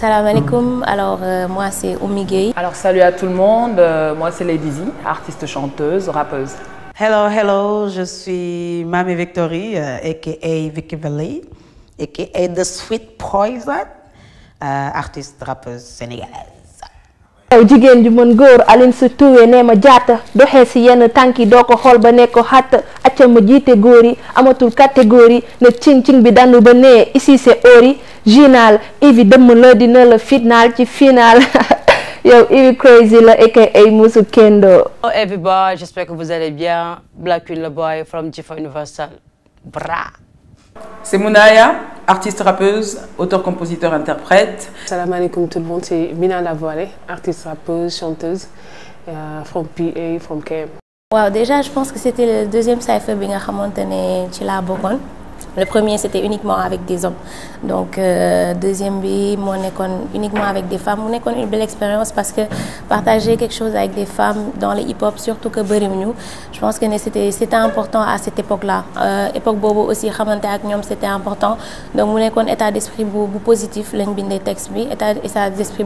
Salam alaikum, alors euh, moi c'est Omigei. Alors salut à tout le monde, euh, moi c'est Lady Z, artiste chanteuse, rappeuse. Hello, hello, je suis Mamie Victory, aka euh, Vicky Valley, aka The Sweet Poison, artiste rappeuse sénégalaise. yow jigéen ju mën góor Aline si Touré nee ma jaata doxe si yenn tànk yi doo ko xool ba nekk ko xàtt acca ma jiite góor yi amatul catégorie na cing-cing bi dandu ba nee ici c'est ori ginal ivi dëmm la dina la final ci final yow ivi crazy la aka Moussou Kendo Hello oh, everybody, bien Black Queen le boy from C'est Mounaya, artiste rappeuse, auteur, compositeur, interprète. Salam alaikum tout le monde, c'est Mina Voile, artiste rappeuse, chanteuse, euh, from PA, from KM. Wow, déjà je pense que c'était le deuxième cypher que j'ai fait, le premier, c'était uniquement avec des hommes. Donc, euh, deuxième bi, moi, on uniquement avec des femmes. On est une belle expérience parce que partager quelque chose avec des femmes dans les hip-hop, surtout que je pense que c'était important à cette époque-là. Euh, époque Bobo aussi, c'était important. Donc, on est un état d'esprit positif, des textes, état d'esprit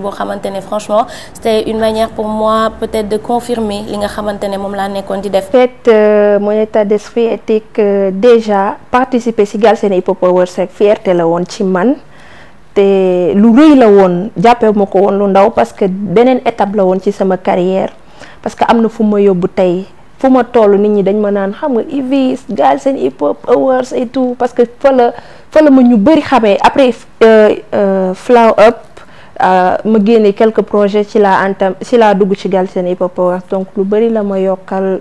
franchement, c'était une manière pour moi peut-être de confirmer ce que En fait, euh, mon état d'esprit était que déjà participer, Galsen hip hop sek fier fierté la won ci man te lu reuy la won jappé mako won lu ndaw parce que benen étape la won ci sama carrière parce que amna fuma yobou tay fuma tollu nit ñi dañ ma naan xam nga Ivis sen hip hop Awards et tout parce que fa la fa ma ñu bari xamé après euh, euh, flow up Uh, ma génne quelques projets ci la antam ci la dugg ci gal sen hip hop donc lu bari la ma yokal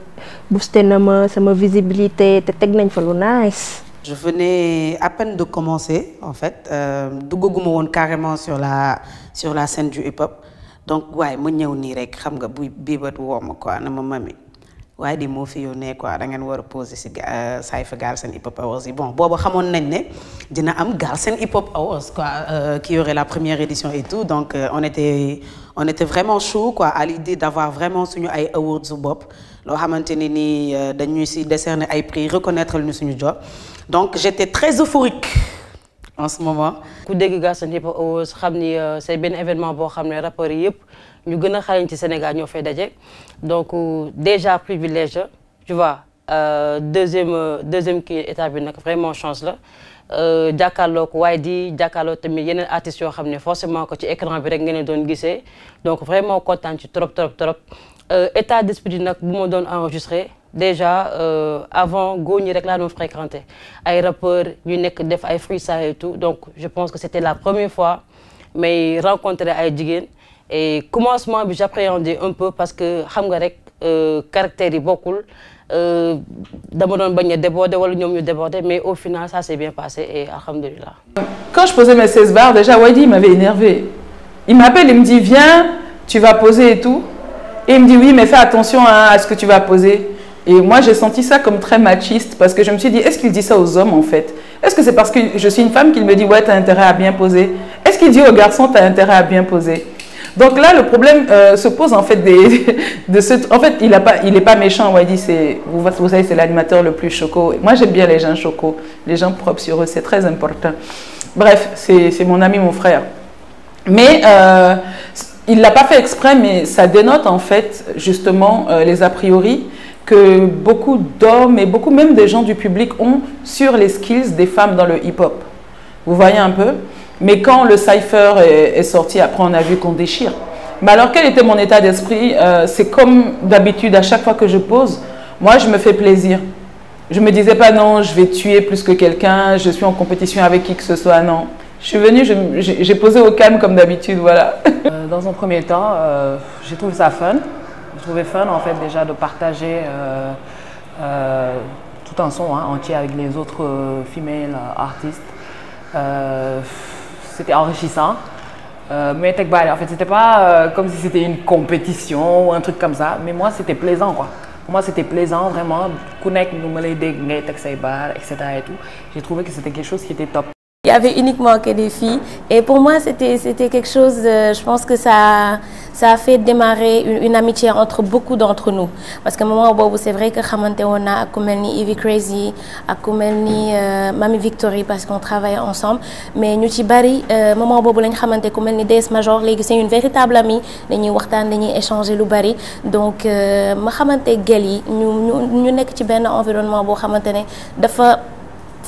booster na ma sama visibilité te teg nañ fa lu nice Je venais à peine de commencer, en fait. Euh, Dougougoumouon carrément sur la, sur la scène du hip-hop. Donc, ouais, je suis venu rek, xam nga buy bibat woma quoi, na ma mami. Ouais, di mo fi yone quoi, da ngeen wara poser ci euh, Cypher Galsen Hip Hop Awards. Bon, bobu xamone nañ né dina am Galsen Hip Hop Awards quoi, euh, qui aurait la première édition et tout. Donc, euh, on était on était vraiment chaud quoi à l'idée d'avoir vraiment suñu ay awards bop. Lo xamanteni ni dañuy ci décerner ay prix, reconnaître ñu suñu job donc j'étais très euphorique en ce moment. ku dégg Hip Hop Awards xam euh, c'est benn événement boo xam ne rappeurs yi yëpp ñu gën a ci Sénégal ñoo fay donc euh, déjà privilège tu vois euh, deuxième deuxième qui étape bi nag vraiment chance la. jàkkaarloo ko waaye di jàkkaarloo tamit yeneen artistes yoo xam forcément ko ci écran bi rek ngeen doon gisee donc vraiment content. ci trop trop trop état d'esprit nag bu ma doon enregistré déjà euh, avant góor ne nous fréquenté rappeurs def et tout donc je pense que c'était la première fois mais rencontrer ay et commencement j'appréhendais un peu parce que xam euh, caractère rek beaucoup yi euh, mais au final ça s'est bien passé et quand je posais mes 16 bars déjà Wadi m'avait énervé il m'appelle il me dit viens tu vas poser et tout et il me dit oui mais fais attention hein, à ce que tu vas poser et moi, j'ai senti ça comme très machiste parce que je me suis dit, est-ce qu'il dit ça aux hommes en fait Est-ce que c'est parce que je suis une femme qu'il me dit, ouais, t'as intérêt à bien poser Est-ce qu'il dit aux garçons, t'as intérêt à bien poser Donc là, le problème euh, se pose en fait de ce. En fait, il n'est pas, méchant. il dit, c'est, vous, savez, c'est l'animateur le plus choco. Moi, j'aime bien les gens chocos, les gens propres sur eux, c'est très important. Bref, c'est mon ami, mon frère. Mais. Euh, il ne l'a pas fait exprès, mais ça dénote en fait justement euh, les a priori beaucoup d'hommes et beaucoup même des gens du public ont sur les skills des femmes dans le hip-hop. Vous voyez un peu Mais quand le cypher est, sorti, après on a vu qu'on déchire. Mais alors quel était mon état d'esprit euh, C'est comme d'habitude, à chaque fois que je pose, moi je me fais plaisir. Je me disais pas non, je vais tuer plus que quelqu'un, je suis en compétition avec qui que ce soit, non. Je suis venu j'ai posé au calme comme d'habitude, voilà. Euh, dans un premier temps, euh, j'ai trouvé ça fun trouvé fun en fait déjà de partager euh, euh, tout un son hein, entier avec les autres euh, female artistes. c'était enrichissant. Euh, mais en fait, c'était pas comme si c'était une compétition ou un truc comme ça. Mais moi, c'était plaisant, quoi. moi, c'était plaisant, vraiment. Connect, nous etc. et tout. J'ai trouvé que c'était quelque chose qui était top. Il y avait uniquement que des filles. Et pour moi, c'était quelque chose, euh, je pense que ça, ça a fait démarrer une, amitié entre beaucoup d'entre nous. Parce que un moment, c'est vrai que Khamante Ona, Akumelni, Ivy Crazy, Akumelni, euh, Mami Victory, parce qu'on travaillait ensemble. Mais nous, Bari, euh, moment où nous Khamante, Akumelni DS Major, c'est une véritable amie. Nous avons échangé le Bari. Donc, Khamante Gali, nous sommes dans un environnement où Khamante,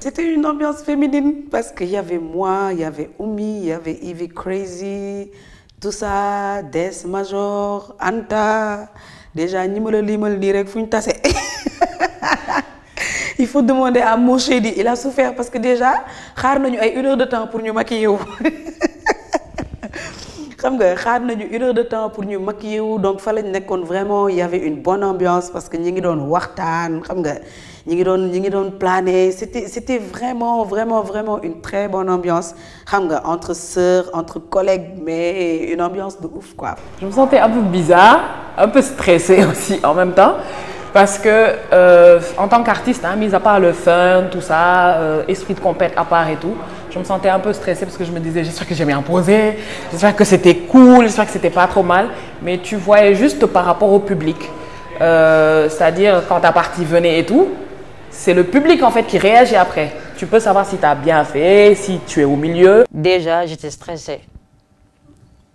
c'était une ambiance féminine parce qu'il y avait moi il y avait Oumi il y avait Ivy Crazy tout ça Des Major Anta déjà le direct, il faut demander à mon il a souffert parce que déjà nous a une heure de temps pour nous maquiller xam nga une heure de temps pour nous maquiller donc vraiment il y avait une bonne ambiance parce que nous avons doon c'était vraiment vraiment vraiment une très bonne ambiance entre sœurs entre collègues mais une ambiance de ouf quoi. je me sentais un peu bizarre un peu stressée aussi en même temps. Parce que, euh, en tant qu'artiste, hein, mis à part le fun, tout ça, euh, esprit de compète à part et tout, je me sentais un peu stressée parce que je me disais, j'espère que j'ai bien posé, j'espère que c'était cool, j'espère que c'était pas trop mal. Mais tu voyais juste par rapport au public. Euh, C'est-à-dire, quand ta partie venait et tout, c'est le public en fait qui réagit après. Tu peux savoir si tu as bien fait, si tu es au milieu. Déjà, j'étais stressée.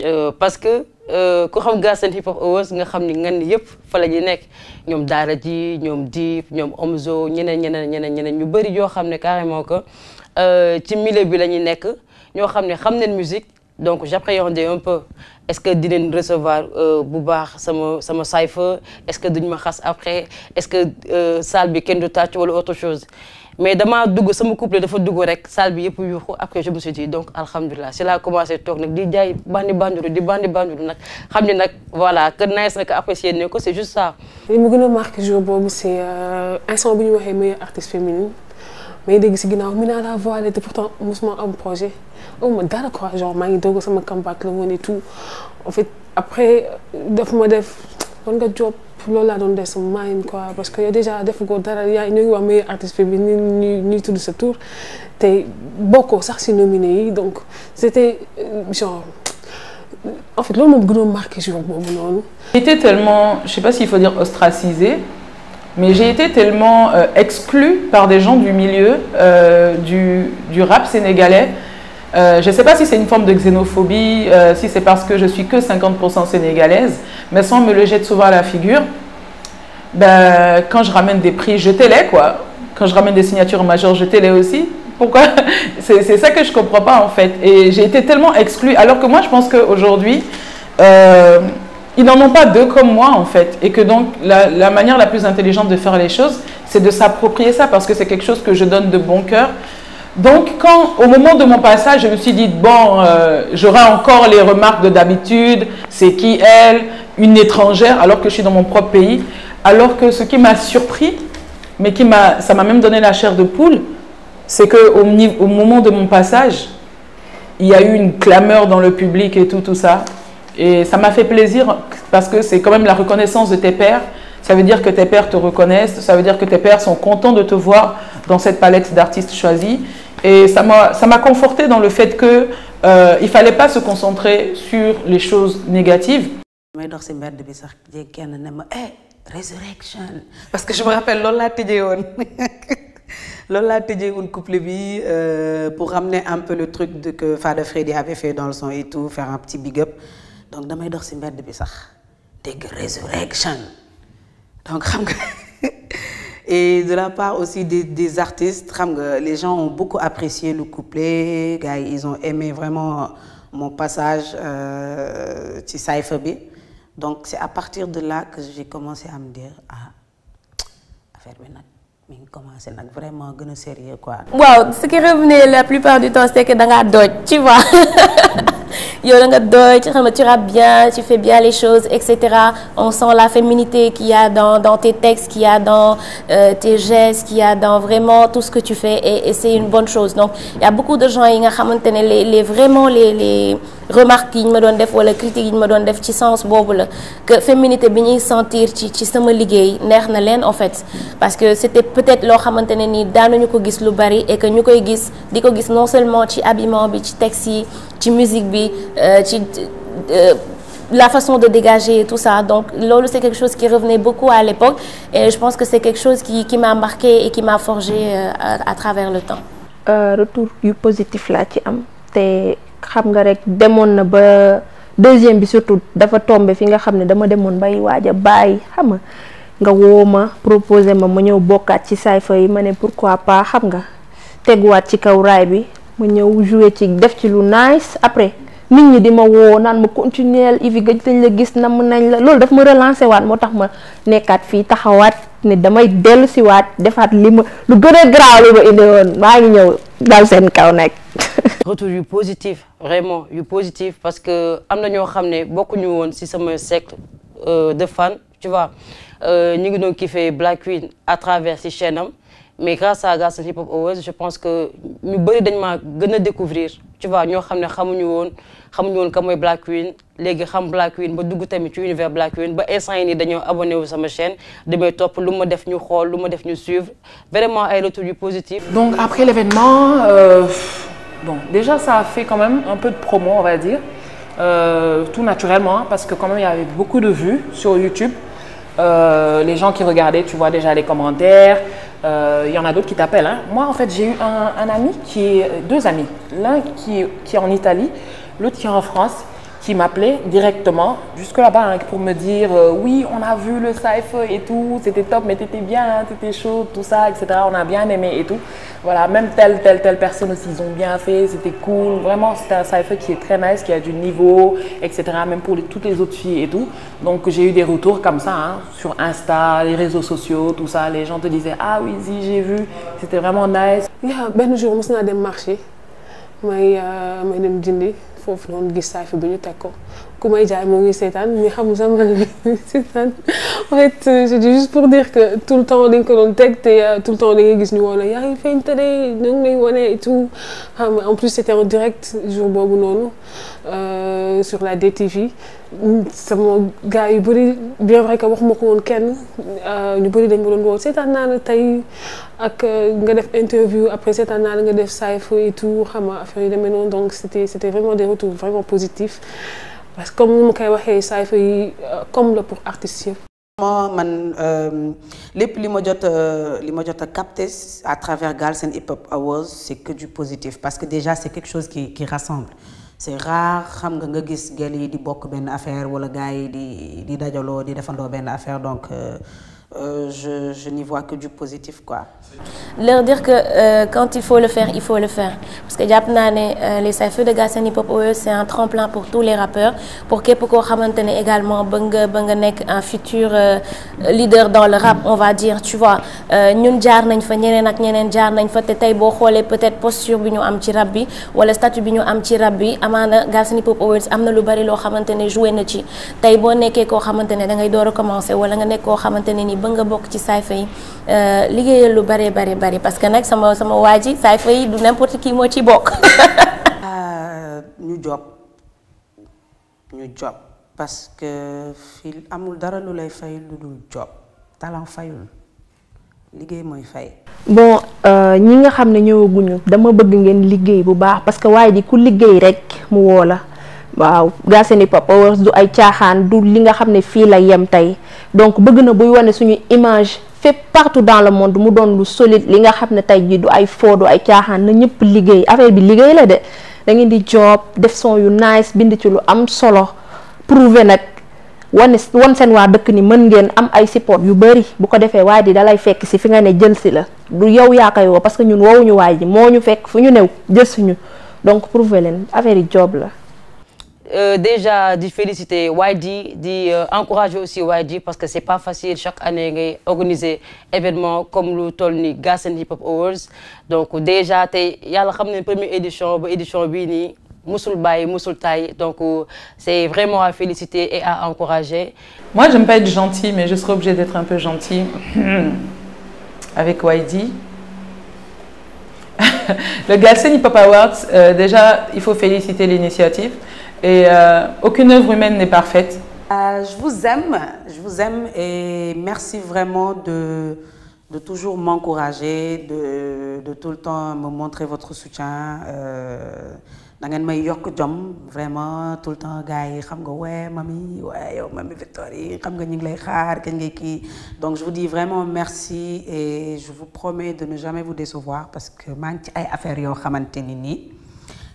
Euh, parce que quand euh, tu xam un Hip Hop Awards nga xam ni ngan yëpp fa la ñuy nekk ñoom Daara ji ñoom Dip ñoom Omzo ñeneen ñeneen ñeneen ñeneen ñu bëri yoo xam carrément que euh, ci milieu bi la nek nekk ñoo xam ne nañ musique donc j'appréhendais un peu est-ce que dinañ recevoir euh, bu baax sama sama cypher est-ce que duñ ma xass après est-ce que euh, salle bi kenn du tatch wala autre chose mais dama dugg sama couple dafa dugg rek salle bi yëpp yuuxu après je me suis dit donc alhamdulilah c'est là commencé tok nag di jay bandi bandiru di bandi bandiru nak xam nak voilà que nice nak apprécier apprécié ne ko c'est juste ça. li mu gëna marqué jour boobu c'est un bu ñu waxé meilleur artiste féminine mais dès que ginnaaw mi naa la voilé était pourtant mosuma un projet amuma dara quoi genre maa ngi doog sama comeback le monde et tout en fait après daf ma def kon nga job loolu laa doon def quoi parce que a déjà def ko dara y a ngi wax meilleur artiste bi ni, ni tout de ce tour te bokkoo ça c'est nominé donc c'était euh, genre. En fait, l'homme grand marqué, je vois J'étais tellement, je sais pas s'il faut dire ostracisé, mais j'ai été tellement exclu exclue par des gens du milieu euh, du, du, rap sénégalais. Euh, je ne sais pas si c'est une forme de xénophobie, euh, si c'est parce que je suis que 50% sénégalaise, mais sans me le jette souvent à la figure, ben, quand je ramène des prix, je les quoi. Quand je ramène des signatures majeures, je les aussi. Pourquoi C'est ça que je ne comprends pas en fait. Et j'ai été tellement exclue, alors que moi je pense qu'aujourd'hui, ils n'en ont pas deux comme moi, en fait. Et que donc, la, manière la plus intelligente de faire les choses, c'est de s'approprier ça, parce que c'est quelque chose que je donne de bon cœur. Donc, quand, au moment de mon passage, je me suis dit, bon, euh, j'aurai encore les remarques de d'habitude, c'est qui elle, une étrangère, alors que je suis dans mon propre pays. Alors que ce qui m'a surpris, mais qui m'a, ça m'a même donné la chair de poule, c'est qu'au au moment de mon passage, il y a eu une clameur dans le public et tout, tout ça. Et ça m'a fait plaisir parce que c'est quand même la reconnaissance de tes pères. Ça veut dire que tes pères te reconnaissent, ça veut dire que tes pères sont contents de te voir dans cette palette d'artistes choisis. Et ça m'a conforté dans le fait qu'il euh, ne fallait pas se concentrer sur les choses négatives. Eh, Resurrection. que je me rappelle Lola Lola euh, pour ramener un peu le truc que Fada Freddy avait fait dans le son et tout, faire un petit big up donc damay dox si mbedd bi sax dégg résurrection donc xam nga et de la part aussi des artistes les gens ont beaucoup apprécié le couplet ils ont aimé vraiment mon passage euh, ci Saïfa bi donc c'est à partir de là que j'ai commencé à me dire ah affaire bi nag mi ngi commencé vraiment gën sérieux quoi. waaw ce qui revenait la plupart du temps c'est que da ngaa doj tu vois. tu bien tu fais bien les choses etc. on sent la féminité qu'il y a dans tes textes qu'il y a dans euh, tes gestes qu'il y a dans vraiment tout ce que tu fais et, c'est une bonne chose donc il y a beaucoup de gens qui vraiment les remarque yi me ma des def wala critique yi me ma des def sens bobu la que féminité bi ñuy sentir ci ci sama liggéey neex na leen en fait parce que c'était peut-être lo xamantene ni dans daanuñu ko gis lu bari et que ñukoy gis di non seulement ci habillement bi ci taxi, musique bi euh, ci euh, la façon de dégager tout ça donc c'est quelque chose qui revenait beaucoup à l'époque et je pense que c'est quelque chose qui qui m'a marqué et qui m'a forgé euh, à, travers le temps. Euh, retour positif là, tu am xam nga rek demoon na ba deuxième bi surtout dafa tombe fi nga xam ne dama demoon bay waaj a bàyyi xam nga nga woo ma proposé ma ma ñëw bokkaat ci sayfa yi ma ne pourquoi pas xam nga teguwaat ci kaw raay bi ma ñëw joué ci def ci lu nice après nit ñi di ma woo naan ma continuer ivi gëj dañ la gis namm nañ la loolu daf ma relancé waat moo tax ma nekkaat fii taxawaat ne damay dellu siwaat defaat li ma lu gën a garaaw li indi woon maa ngi ñëw dal seen kaw nag retour positif vraiment yu positif parce que am na ñoo xam ne bokkuñu woon si sama cercle euh, de fans tu vois euh, ñi ngi doon kiffé Black Queen à travers si chaîne mais grâce à Galsen Hip Hop Awards je pense que ñu bari dañ m'a gëna découvrir tu vois ñoo xamné ne xamuñu won xamuñu woon ka mooy Black Queen légui xam Black Queen ba dugg tamit ci univers Black Queen ba instant ni nii dañoo abonné wu sama chaîne damay top lu ma def ñu xol lu ma def ñu suivre vraiment ay retours yu positif donc après l'événement euh... Bon, déjà, ça a fait quand même un peu de promo, on va dire, euh, tout naturellement, hein, parce que quand même, il y avait beaucoup de vues sur YouTube. Euh, les gens qui regardaient, tu vois déjà les commentaires. Euh, il y en a d'autres qui t'appellent. Hein. Moi, en fait, j'ai eu un, ami qui est. deux amis. L'un qui, qui est en Italie, l'autre qui est en France qui m'appelait directement jusque là bas hein, pour me dire euh, oui, on a vu le cypher et tout, c'était top, mais t'étais bien, hein, t'étais chaud, tout ça, etc. On a bien aimé et tout. Voilà, même telle, telle, telle personne aussi, ils ont bien fait, c'était cool. Vraiment, c'est un cypher qui est très nice, qui a du niveau, etc. Même pour toutes les autres filles et tout. Donc, j'ai eu des retours comme ça hein, sur Insta, les réseaux sociaux, tout ça. Les gens te disaient ah oui, si, j'ai vu, c'était vraiment nice. Yeah, ben, je à mais marché. Euh, je suis foofu non gis saa fi bi ñu teg ko ku may jaay mo ngi setan mais xamul sax man la en fait c'est euh, juste pour dire que tout le temps dañ ko doon tek te euh, tout le temps da ngay gis ñu woon yaa ngi feeñ tëddee ñu ngi lay et tout en plus c'était en direct jour bobu noonu. Euh, sur la DTV sama gars yu bien vrai que waxuma ko woon kenn euh, ñu bëri dañ ma doon woo seetaan naa la ak euh, nga def interview après c'est naa la nga def sayfu et tout xam affaire yu demee donc c'était c'était vraiment des retours vraiment positifs parce que comme ni ma koy waxee yi comme pour artiste yëpp. vraiment man lépp li ma jot li ma capté à travers Galsen Hip Hop Awards c'est que du positif parce que déjà c'est quelque chose qui qui rassemble c'est rare xam nga nga gis gel yi di bokk ben affaire wala gars yi di di dajaloo di defandoo ben affaire donc euh, euh, je, je n'y vois que du positif. Quoi. Leur dire que euh, quand il faut le faire, il faut le faire. Parce que euh, les feux de Gassan Hip Hop e, c'est un tremplin pour tous les rappeurs. Pour Kepoko Hamantene également, Benga Benganek, un futur euh, leader dans le rap, on va dire, tu vois. Nous jar nañ fa ñeneen ak ñeneen jar nañ fa tay bo xolé peut-être posture bi ñu am ci rap wala statut bi ñu am ci rap amana Gassan Hip Hop Awards e amna lu bari lo xamantene joué na ci tay bo nekké ko xamantene da ngay door commencer wala nga nek ba nga ci saayfa yi euh, liggéeyal lu bare bare bari parce que nak sama sama waji ji yi du n'importe qui mo ci euh ñu job ñu job parce que fii amul dara lu lay fay lu dul job talent fayul liggéey moy fay bon euh, ñi nga xamné ne ñëwaguñu dama bëgg ngeen liggéey bu baax parce que waji ku rek mu wola waaw Galsen Hip papa wax du ay caaxaan du li nga xam ne fii la yem tey donc bëgg na buy wane suñu image fépp partout dans le monde mu doon lu solide li nga xam ne tey ji du ay foo du ay caaxaan na ñëpp liggéey affaire bi liggéey la de da ngeen di job def son yu nice bind ci lu am solo prouver nag wane wan seen waa dëkk ni mën ngeen am ay support yu bari bu ko defee waaye di dalay fekk si fi nga ne jël si la du yow yaa koy woo parce que ñun woowuñu waay ji moo ñu fekk fu ñu new jël suñu donc prouver leen affaire yi job la Euh, déjà dit féliciter Y.D. Euh, encourager aussi YD parce que c'est pas facile chaque année d'organiser organiser événement comme le Tolni Hip Hop Awards donc déjà il y a la première édition édition bii nii musul bàyyi musul donc c'est vraiment à féliciter et à encourager. Moi j'aime pas être gentil, mais je serai obligée d'être un peu gentille hmm. avec Y.D. Le Galsen Hip Hop Awards euh, déjà il faut féliciter l'initiative. Et euh, aucune œuvre humaine n'est parfaite. Euh, je vous aime, je vous aime et merci vraiment de, toujours m'encourager, de, tout le temps me montrer votre soutien. Euh, vraiment tout le temps donc je vous dis vraiment merci et je vous promets de ne jamais vous décevoir parce que je vous ci ay ni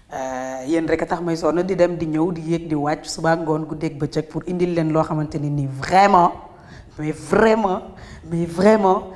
Eh, yéen rek tax may sonu di dem di ñew di yek di wacc suba ngoon guddeeg bëccëg pour indil len lo xamanteni ni vraiment mais vraiment mais vraiment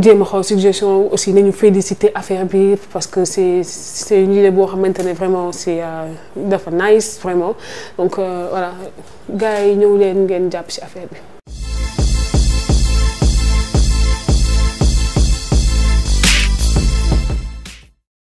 jéem a xool suggestion aussi nañu féliciter affaire bi parce que c'est c'est une idée boo xamante ne vraiment c'est euh, dafa nice vraiment donc euh, voilà gars yi ñëw leen ngeen jàpp ci affaire bi.